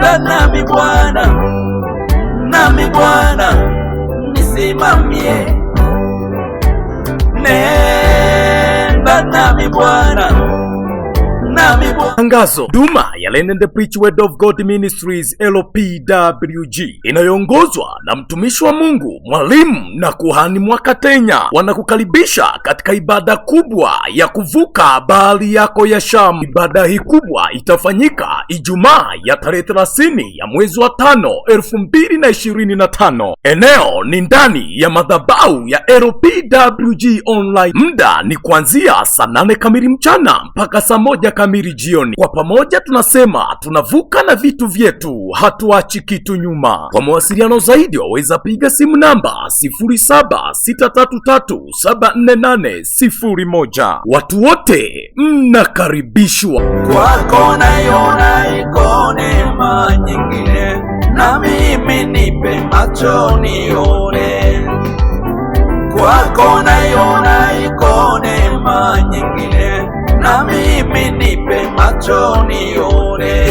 Enda nami Bwana, nami Bwana nisimamie, nenda nami Bwana Tangazo Duma ya Land and Preach Word of God Ministries LPWG inayoongozwa na mtumishi wa Mungu, mwalimu na kuhani Mwakatenya wanakukaribisha katika ibada kubwa ya kuvuka bahari yako ya Shamu. Ibada hii kubwa itafanyika Ijumaa ya tarehe 30 ya mwezi wa 5 2025. Eneo ni ndani ya madhabahu ya LPWG Online. Muda ni kuanzia saa 8 kamili mchana mpaka saa moja kamili kuhubiri jioni. Kwa pamoja tunasema tunavuka na vitu vyetu, hatuachi kitu nyuma. Kwa mawasiliano zaidi waweza piga simu namba 0763374801. Watu wote mnakaribishwa. Kwako naiona iko neema nyingine, na mimi nipe macho nione. Kwako naiona iko neema nyingine, na mimi nipe matronio